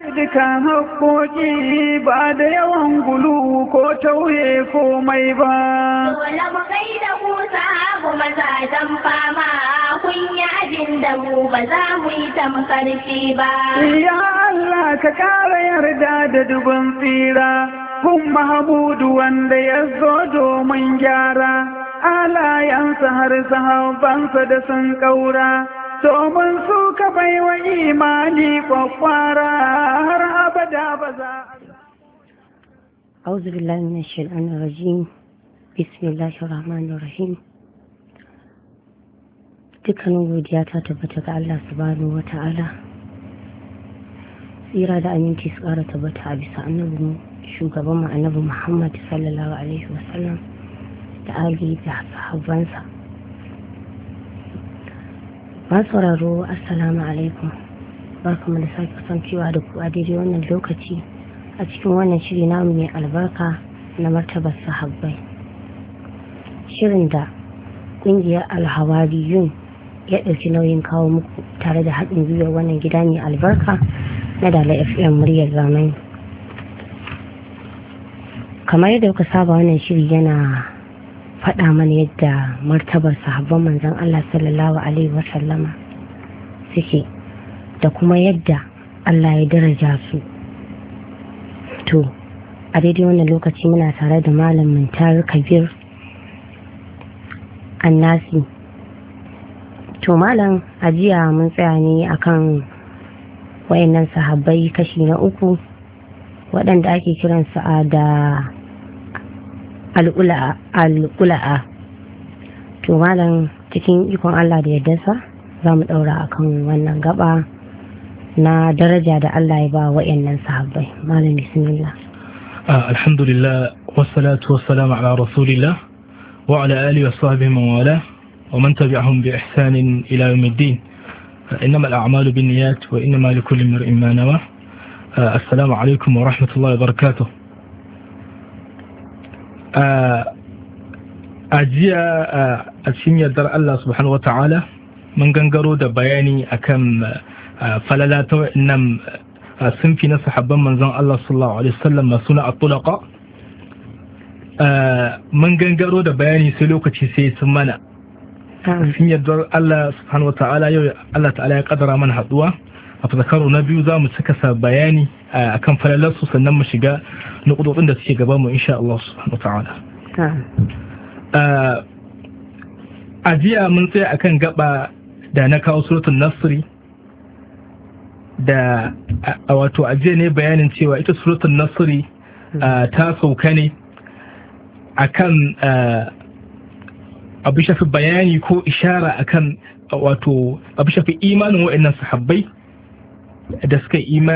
dukan haƙoƙi ba da yawan gulu ko tauye komai ba. Wala mu kai da ku sahabu mazajen fama kun yi da mu ba za mu yi tamkarfi ba. Ya Allah ka ƙara yarda da dubin tsira, kun Mahamudu wanda ya zo domin gyara, alayansa har sahabansa da sun ƙaura. domin su ka bai wa imani kwakwara har abada ba za a أعوذ بالله من الشيطان الرجيم بسم الله الرحمن الرحيم dukkanin godiya ta tabbata ga Allah subhanahu wa ta'ala tsira da aminci su ƙara tabbata a bisa annabin shugaban mu annabi Muhammad sallallahu alaihi wasallam da ali da sahabbansa sauraro assalamu alaikum barkamu da sake kasancewa da ku a daidai wannan lokaci a cikin wannan shiri namu mai albarka na martabar sahabbai shirin da kungiyar Yun ya ɗauki nauyin kawo muku tare da haɗin gwiwar wannan gida mai albarka na dala fm muryar zamani kamar yadda kuka saba wannan shiri yana faɗa mana yadda martabar sahabban manzon Allah sallallahu alaihi wasallama suke da kuma yadda Allah ya daraja su to a daidai wannan lokaci muna tare da malamin tari kabir annasi to malam ajiya mun tsaya ne akan wayannan sahabbai kashi na uku waɗanda ake kiransu a da al'ula'a to malam cikin ikon Allah da yardarsa za mu ɗaura a kan wannan gaba na daraja da Allah ya ba wa'annan sahabbai malam bismillah ah, alhamdulillah wassalatu wassalamu ala rasulillah wa ala alihi wa sahbihi man wala wa man tabi'ahum bi ihsanin ila yawmiddin innama al'amalu binniyat wa innama likulli imrin ma nawa ah, assalamu alaikum wa rahmatullahi wa a jiya a cikin yardar Allah subhanahu wa ta'ala mun gangaro da bayani akan falala ta wa'annan fi na sahabban manzon Allah sallallahu alaihi wasallam masu na atulaka mun gangaro da bayani sai lokaci sai sun mana sun yardar Allah subhanahu wa ta'ala yau Allah ta'ala ya kadara mana haduwa a fasakaro na biyu za mu cika sa bayani a kan falalarsu sannan mu shiga nukudodin da suke gaba mu insha Allah subhanahu ta'ala a jiya mun tsaya akan gaba da na kawo suratun nasri da a wato a jiya ne bayanin cewa ita suratun nasri ta sauka ne akan abu shafi bayani ko ishara akan wato abu shafi imanin waɗannan sahabbai Just get email.